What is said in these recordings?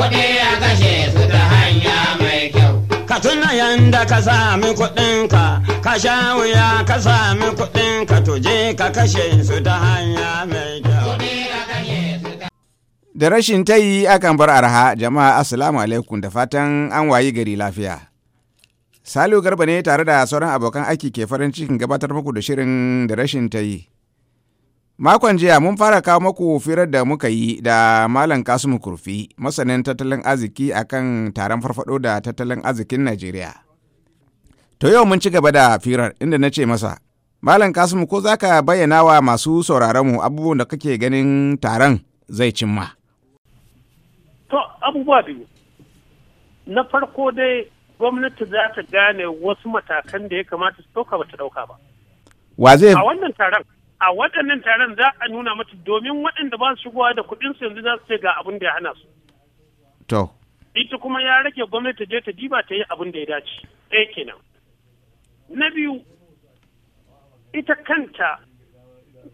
kuɗi a kashe su ta hanya mai kyau. Ka tuna yanda ka sami kuɗinka, ka sha wuya ka sami kuɗinka je ka kashe su ta hanya mai kyau. Da rashin ta yi akan bar arha jama'a assalamu alaikum da fatan an wayi gari lafiya. Salihu Garba ne tare da sauran abokan aiki ke farin cikin gabatar muku da shirin da rashin ta yi. Makon jiya mun fara kawo maku firar da muka yi da Malam Kasimu Kurfi, masanin tattalin arziki kan taron farfado da tattalin arzikin Najeriya. To yau mun ci gaba da firar inda na ce masa, Malam Kasimu ko za ka bayyana wa masu sauraronmu abubuwan da kake ganin taron zai cimma? To abubuwa biyu. Na farko dai gwamnati za ta gane wasu matakan da ya kamata su ba ta ba. A wannan taron. a waɗannan taron za a nuna mata domin waɗanda ba su shigowa da kuɗin su yanzu za su ce ga abin da ya hana su. To. Ita kuma ya rage gwamnati je ta diba ta yi abin da ya dace. Ɗaya kenan. Na biyu ita kanta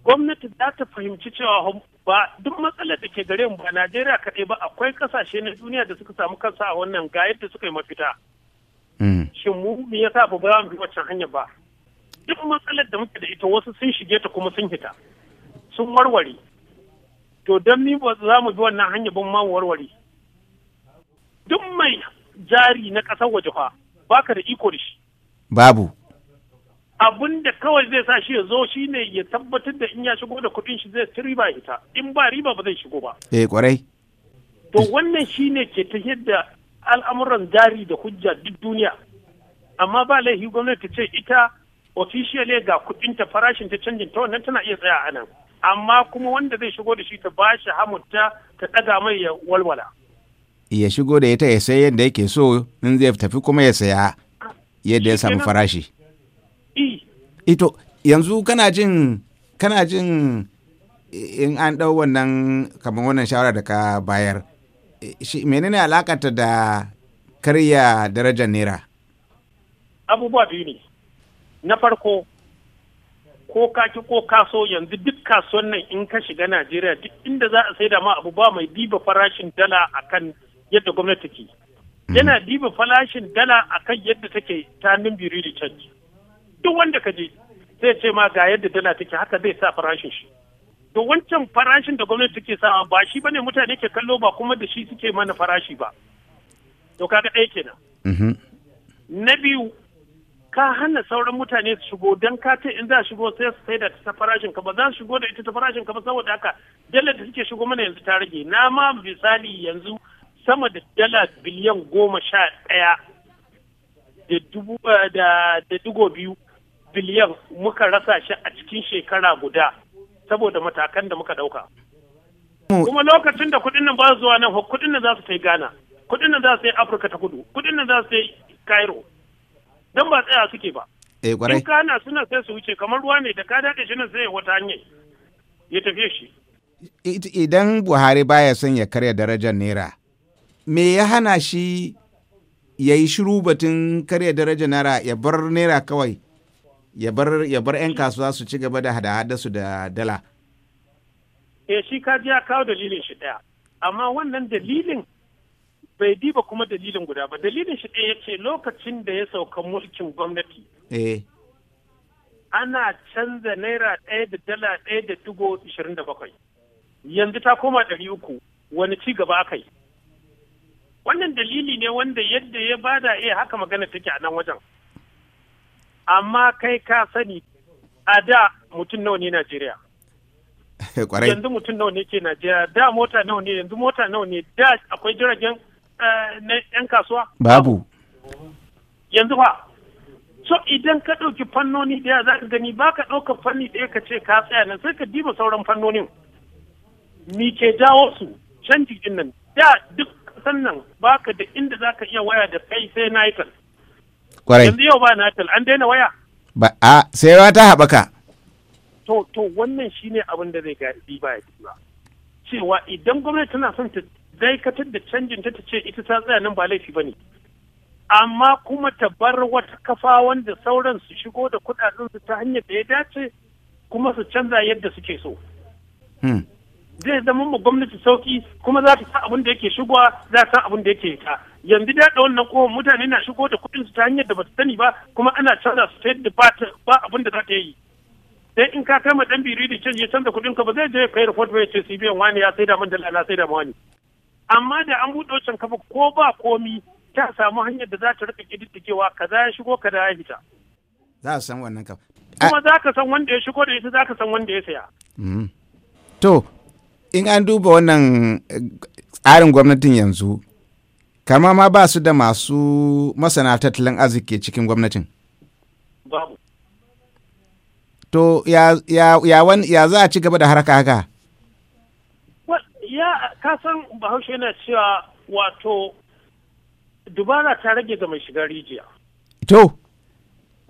gwamnati za ta fahimci cewa ba duk matsalar da ke gare mu ba Najeriya kaɗai ba akwai ƙasashe na duniya da suka samu kansa a wannan ga yadda suka yi mafita. Mm. Shin mu me yasa ba ba mu bi waccan hanyar ba? duk matsalar da muke da ita wasu sun shige ta kuma sun hita sun warware to don ni ba za mu bi wannan hanya ban ma warware duk mai jari na ƙasar waje fa baka da iko da shi babu Abun da kawai zai sa shi ya zo shi ne ya tabbatar da in ya shigo da kuɗin shi zai ci riba ita in ba riba ba zai shigo ba eh kwarai to wannan shi ne ke ta yadda al'amuran jari da hujja duk duniya amma ba laifi gwamnati ce ita officially ga kuɗin ta farashin ta canjin ta wannan tana iya tsaya a nan amma kuma wanda zai shigo da shi ta bashi hamunta ta ɗaga mai ya walwala ya shigo da ita ya sai yadda yake so in zai tafi kuma ya saya yadda ya samu farashi ito yanzu kana jin kana jin eh, in an ɗau wannan kamar wannan shawara da ka bayar eh, menene alakata da karya darajar naira abubuwa biyu ne na farko ko ka ko ka so yanzu duk kasuwan nan in ka shiga Najeriya duk inda za a sai da ma abu ba mai diba farashin dala akan yadda gwamnati ke. Yana mm-hmm. diba farashin dala akan yadda take ta nimbiri da canji. Duk wanda ka je zai ce ma ga yadda dala take haka zai sa farashin shi. To wancan farashin da gwamnati take sa ba shi bane mutane ke kallo ba kuma da shi suke mana farashi ba. To kaga ɗaya kenan. Mm-hmm. Na biyu ka hana sauran mutane su shigo don ka ce in za shigo sai su sai da ta farashin ka ba za su shigo da ita ta farashin ka ba saboda haka dala da suke shigo mana yanzu ta rage na ma misali yanzu sama da dala biliyan goma sha ɗaya da dubu eh, da dugo biyu biliyan muka rasa shi a cikin shekara guda saboda matakan da muka ɗauka. Kuma lokacin da kuɗin nan ba zuwa nan kuɗin nan za su kai Ghana, kuɗin nan za su yi Afirka ta kudu, kuɗin nan za su yi Cairo. don ba tsaya suke ba eh kwarai Duka suna sai su wuce kamar ruwa ne da ka dade shi nan sai wata hanya ya tafi shi idan Buhari baya son ya karya darajar naira me ya hana shi ya yi shiru batun karya darajar naira ya bar naira kawai ya bar ya bar 'yan kasuwa su ci gaba da hada-hada su da dala eh shi ka ji ya kawo dalilin shi daya amma wannan dalilin bai diba kuma dalilin guda ba dalilin shi ɗaya ce lokacin da ya sauka mulkin gwamnati eh. ana canza naira ɗaya da dala ɗaya da dubu ishirin da bakwai yanzu ta koma ɗari uku wani ci gaba aka yi wannan dalili ne wanda yadda ya bada iya eh, haka magana take a nan wajen amma kai ka sani a da mutum nawa ne Najeriya yanzu mutum nawa ne ke Najeriya da mota nawa ne yanzu mota nawa ne da akwai jiragen Eh, na 'yan kasuwa? Babu. Yanzu ba. So idan ka ɗauki fannoni ɗaya za ka gani ba ka ɗauka fanni ɗaya ka ce ka tsaya nan sai ka diba sauran fannonin. Ni ke jawo su canji ɗin nan. Da duk ƙasan nan ba ka da inda za ka iya waya da kai sai Nitel. Kwarai. Yanzu yau ba Nitel an daina waya. Ba a sai rawa ta haɓaka. To to wannan shine abin da zai gari ba ya ba. Cewa idan gwamnati tana son ta daikatar da canjin ta ce ita ta tsaya nan ba laifi ba ne amma kuma ta bar wata kafa wanda sauran su shigo da kudaden su ta hanyar da ya dace kuma su canza yadda suke so hmm. zai zama mu gwamnati sauki kuma za ta sa abin da yake shigowa za ta sa abin da yake ta yanzu da wannan ko mutane na shigo da kudin su ta hanyar da ba sani ba kuma ana canza su ta yadda ba abin da za ta yi sai in ka kama dan biri da canji canza kudin ka ba zai je kai report ba ya ce CBN wani ya saida min da na saida ma wani amma da an buɗe wancan kafa ko ba komi ta samu hanyar da za ta rika kididdigewa kaza ya shigo kaza ya fita za a san wannan kafa kuma za ka san wanda ya shigo da ita za ka san wanda ya saya mm-hmm. to in an duba wannan eh, tsarin gwamnatin yanzu kama ma ba su da masu masana tattalin arziki cikin gwamnatin babu to ya, ya, ya, ya za a ci gaba da haraka haka ya kasan bahaushe yana cewa wato dubara ta rage ga mai shiga rijiya. To.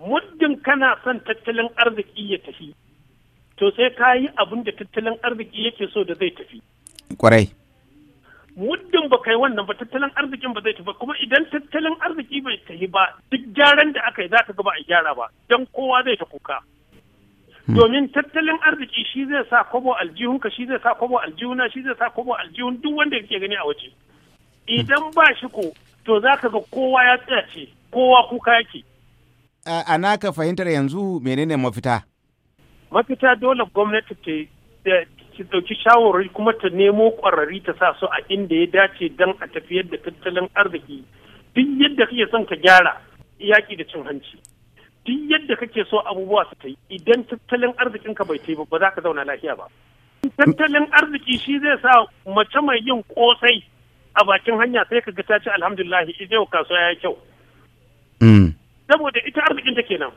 Muddin kana son tattalin arziki ya tafi, to sai ka yi abin da tattalin arziki yake so da zai tafi. Kwarai. Muddin ba kai wannan ba tattalin arzikin ba zai tafi kuma idan tattalin arziki bai tafi ba duk gyaran da aka yi za ka gaba a gyara ba don kowa zai ta kuka. Hmm. domin tattalin arziki shi zai sa kobo aljihunka shi zai sa kobo aljihuna shi zai sa kobo aljihun duk wanda kake gani a waje idan ba shi ko to za ka ga kowa ya tsace kowa kuka yake a naka fahimtar yanzu menene mafita mafita dole gwamnati ta ki ɗauki shawarwari kuma ta nemo ƙwararri ta sa su a inda ya dace don a tafiyar da tattalin arziki duk yadda kake son ka gyara yaƙi da cin hanci yadda da kake so abubuwa su ta yi idan tattalin ka bai ba ba za ka zauna lafiya ba tattalin arziki shi zai sa mace mai yin kosai a bakin hanya sai ka ga ta ce alhamdulillahi yau kasuwa ya kyau hmm. saboda ita arzikin ta kenan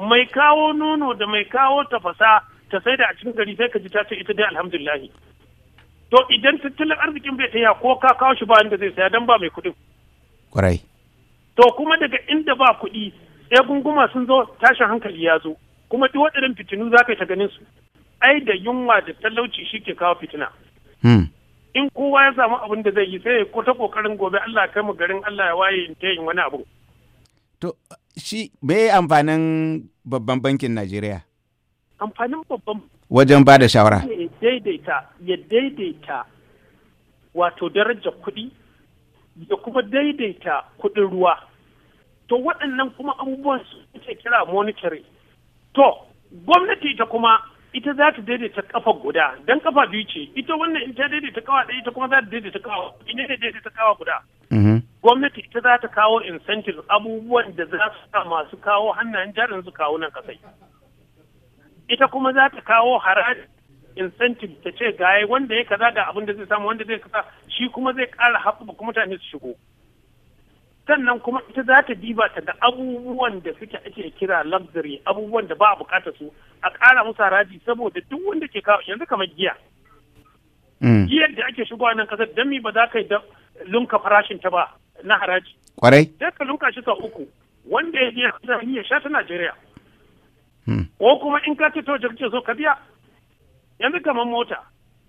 mai kawo nono da mai kawo tafasa ta sai da a cikin gari sai ka ji ta ce ita dai alhamdulillahi to idan tattalin arzikin bai taya ko ka kawo shi ba inda zai saya don ba mai kuɗin kwarai to kuma daga inda ba kuɗi gunguma sun zo tashin hankali ya zo kuma duk waɗannan fitinu za ka ta ganin su ai da yunwa da talauci shi ke kawo fitina hmm. in kowa ya samu abin da zai yi sai ko ta kokarin gobe Allah kai mu garin Allah ya waye ta yin wani abu to shi me amfanin babban bankin Najeriya amfanin babban wajen ba da shawara ya daidaita ya daidaita wato darajar kuɗi ya kuma daidaita kuɗin ruwa to waɗannan kuma abubuwan su ce kira monitoring to gwamnati ita kuma ita za ta daidaita kafa guda dan kafa biyu ce ita wannan ita daidaita kawa ɗaya ita kuma za ta daidaita kawa ina ne daidaita kawa guda mm-hmm. gwamnati ita za ta kawo incentives abubuwan da za su sa masu kawo hannayen jarin su kawo nan kasai ita kuma za ta kawo haraji incentive ta ce gaye wanda ya kaza ga abin da zai samu wanda zai kaza shi kuma zai ƙara haɓɓaka mutane su shigo sannan kuma ita za ta diba ta da abubuwan da suke ake kira luxury abubuwan da ba a bukatar su a kara musu haraji saboda duk wanda ke kawo yanzu kamar giya mm. giyar da ake shigowa nan kasar don mi ba za ka yi lunka farashin ta ba na haraji kwarai sai ka lunka shi sau uku wanda ya je ya sha ta Najeriya mm. ko kuma in ka ce to jirgin so ka biya yanzu kamar mota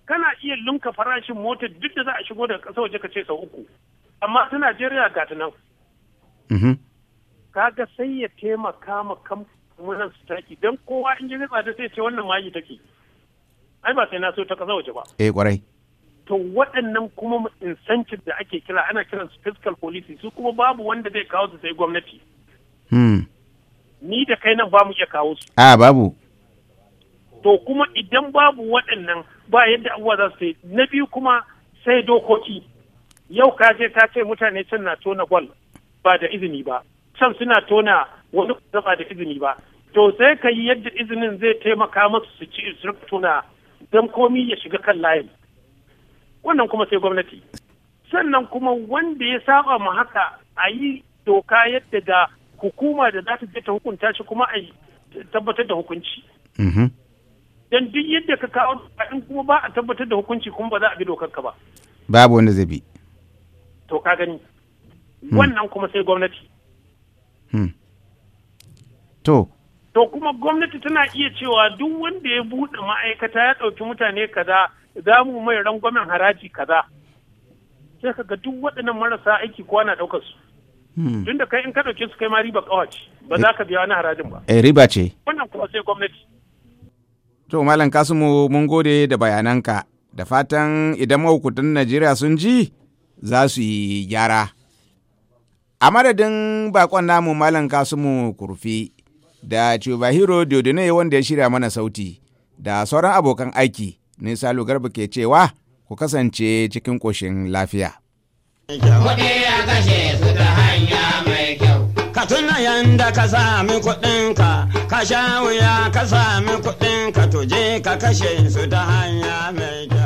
kana iya lunka farashin mota duk da za a shigo daga ƙasa waje ka ce sau uku amma ta Najeriya ga ta nan Mm-hmm. Ka ga sai ya taimaka ma kamfanin su taki don kowa in ji tsada sai ce wannan maji take ai ba sai na so ta kasa waje ba eh kwarai to waɗannan kuma incentive da ake kira ana kiran su fiscal policy su kuma babu wanda zai kawo su sai gwamnati hmm. ni da kai nan ba mu iya kawo su a ah, babu to kuma idan babu waɗannan ba yadda abubuwa za su yi na biyu kuma sai dokoki yau ka je ka ce mutane can na tona gwal ba da izini ba can suna tona wani kusa ba da izini ba to sai ka yi yadda izinin zai taimaka masu su ci su tona don komi ya shiga kan layin wannan kuma sai gwamnati sannan kuma wanda ya saba mu haka a yi doka yadda da hukuma da za ta je ta hukunta shi kuma a tabbatar da hukunci mm-hmm. don duk yadda ka kawo in kuma ba a tabbatar da hukunci kuma ba za a bi dokar ka ba babu wanda zai bi to ka gani Hmm. wannan kuma sai gwamnati hmm. to to kuma gwamnati tana iya cewa duk wanda ya buɗe ma'aikata ya ɗauki mutane kaza za mu mai rangwamen haraji kaza sai ga duk waɗannan marasa aiki kowa na ɗaukar su hmm. tun da kai in ka ɗauke su kai ma riba kawace ba za ka biya wani harajin ba eh riba ce wannan kuma sai gwamnati to malam kasimu mun gode da bayananka da fatan idan mahukutan najeriya sun ji za su yi gyara a madadin bakon namu malam kasumu kurfi da Chubahiro Dodonai wanda ya shirya mana sauti da sauran abokan aiki ne Salu Garba ke cewa ku kasance cikin ƙoshin lafiya. tuna yanda ka sami kuɗinka, ka sha wuya ka sami kuɗinka, to je ka kashe su ta hanya mai kyau.